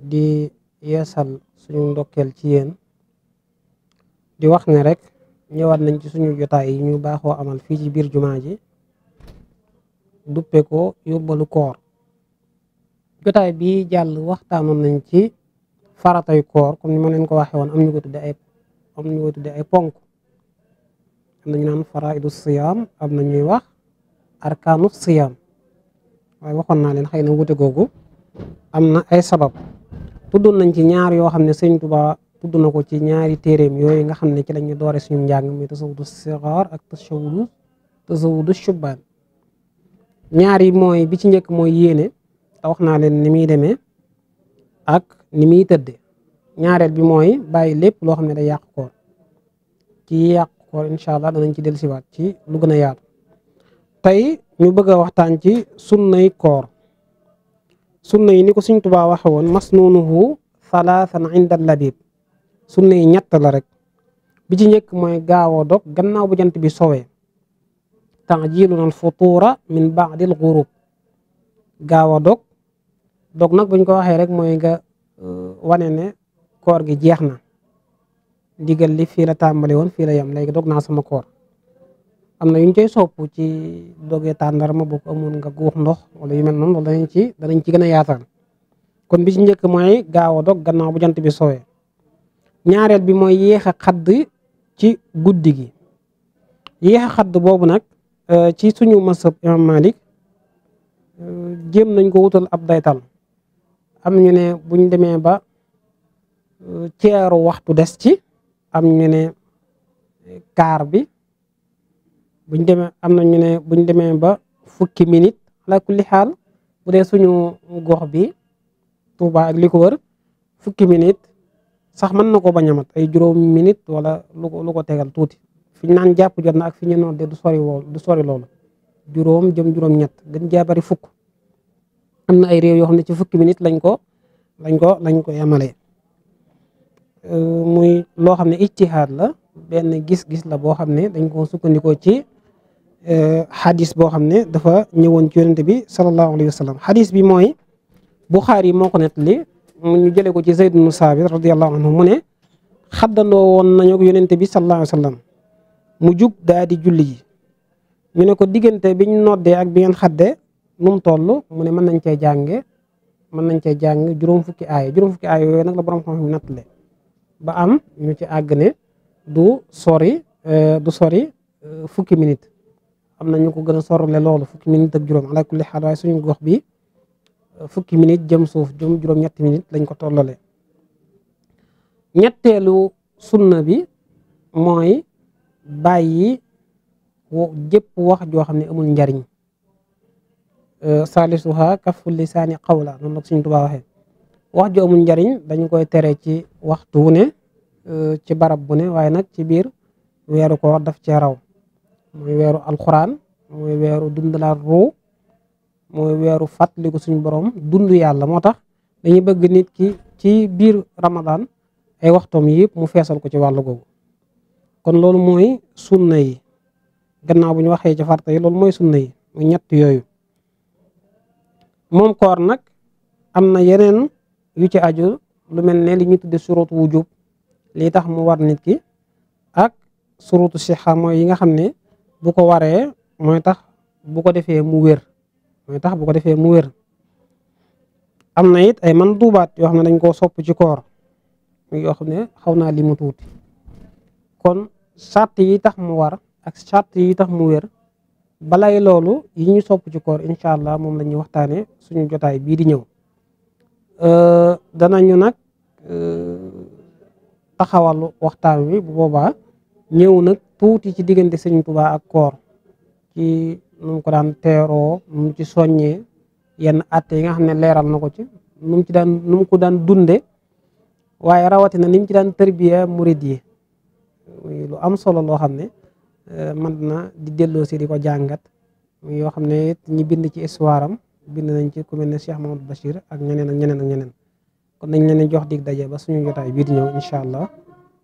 di yeesal suñu ndokkeel ci yéen di wax ne rek ñëwaat nañ ci suñu jotaay yi ñu baaxoo amal fii ci biir jumaa ji duppe ko yóbbalu koor jotaay bi jàll waxtaanoon nañ ci faratay koor comme ni ma leen ko waxee woon am ñu ko tudde ay ay ponk am nañu naan faraidu siyaam am na ñuy wax arkaanu siyaam waaye waxoon naa leen xëy na wute googu am na ay sabab tuddoon nañ ci ñaar yoo xam ne sëñ Tuubaa tudd na ko ci ñaari téeréem yooyu nga xam ne ci lañu doore suñu njàng mi tasawudu sigaar ak tasawudu tasawudu shubbaan ñaar yi mooy bi ci njëkk mooy yéene ta wax naa leen ni muy demee ak ni muy tëdde ñaareel bi mooy bàyyi lépp loo xam ne day yàq koor ci yàq koor incha allah danañ ci dellusiwaat ci lu gën a yaatu tey ñu bëgg a waxtaan ci sunnay koor sunna yi ni ko Sëñ Tuubaa waxe woon masnuunuhu salaatan inda labib sunna yi ñett la rek bi ci njëkk mooy gaaw a dog gannaaw bu jant bi sowee taajilun al futuura min baadil gurub gaaw a dog dog nag buñ ko waxee rek mooy nga euh, wane ne koor gi jeex na ndigal li fii la tàmbali woon fii la yem léegi dog naa sama koor am na yu ñu cay soppu ci dogee tàndarma boo ko amoon nga guux ndox wala yu mel noonu loolu danañ ci danañ ci gën a yaatal kon bi ci njëkk mooy gaaw a dog gannaaw bu jant bi sowee ñaareel bi mooy yéex a xadd ci guddi gi yéex xadd boobu nag euh, ci suñu masab imam Malik euh, jéem nañ ko wutal ab daytal am ñu ne buñ demee ba euh, ceeru waxtu des ci am ñu ne kaar bi buñ demee am na ne buñ demee ba fukki minit ala kulli xaal bu dee suñu gox bi Touba ak li ko wër fukki minute sax mën na ko bañ a mat ay juróom minit walla lu ko lu ko tegal tuuti fi ñu naan jàpp jot na ak fi ñu noon de du sori du sori loolu juróom jëm juróom ñett gën jaa fukk am na ay réew yoo xam ne ci fukki minute lañ ko lañ ko lañ ko yemale euh, muy loo xam ne ijtihaad la benn gis-gis la boo xam ne dañ ko sukkandikoo ci Euh, xadis boo xam ne dafa ñëwoon ci yonente bi sallallahu alayhi wa sallam xadis bi mooy Buxaari yi moo ko nettali ñu jëlee ko ci Zayd ibn Saabit radiyallahu anhu mu ne xaddandoo woon nañu ak yonente bi sallallahu alayhi wa mu jug daa di julli ji ñu ne ko diggante biñ noddee ak bi ngeen xadde nu mu toll mu ne mën nañ cee jànge mën nañ cee jàng juróom fukki aaya juróom fukki aaya yooyu nag la borom xam-xam nattale ba am ñu ci àgg ne du sori euh, euh, fukki minit am na ñu ko gën a sorle loolu fukki minute ak juróom ala kulli xaal waaye suñu gox bi fukki minute jëm suuf jëm juróom-ñetti minute lañ ko tollale ñetteelu sunna bi mooy bàyyi jëpp wax joo xam ne amul njariñ euh, salisuha kafu lisaani qawla noonu la suñ tubaa waxee wax ju amul njariñ dañu koy tere ci waxtu wu ne euh, ci barab bu ne waaye nag ci biir weeru ko daf cee mooy weeru alxuraan mooy weeru dundalaat ruu mooy weeru ko suñu borom dund yàlla moo tax dañuy bëgg nit ki ci biir ramadaan ay waxtoom yëpp mu feesal ko ci wàllu googu kon loolu mooy sunna yi gannaaw bu ñu waxee ci farta yi loolu mooy sunna yi mu ñett yooyu moom koor nag am na yeneen yu ci aju lu mel ne li ñu tudde surutu wujub lii tax mu war nit ki ak surutu sixa mooy yi nga xam ne bu ko waree mooy tax bu ko defee mu wér mooy tax bu ko defee mu wér am na it ay man duubaat yoo xam ne dañ koo soppu ci koor yoo xam ne xaw naa li mu tuuti kon sart yi tax mu war ak sart yi tax mu wér balay loolu yi ñu sopp ci koor incha allah moom la ñuy waxtaane suñu jotaay bii di ñëw danañu nag taxawal waxtaan wi bu boobaa ñëw nag tuuti ci diggante sëñ Tuubaa ak koor ci nu ko daan teeroo nu ci soññee yenn atte yi nga xam ne leeral na ko ci nu mu ci daan nu ko daan dunde waaye rawatina ni ci daan tërbiya murid yi lu am solo loo xam ne euh, man na di delloo si di ko jàngat yoo xam ne it ñi bind ci histoire am bind nañ ci ku mel ne Cheikh Mamadou Bachir ak ñeneen ak ñeneen ak ñeneen kon nañ leen jox di daje ba suñu jotaay bii di ñëw incha allah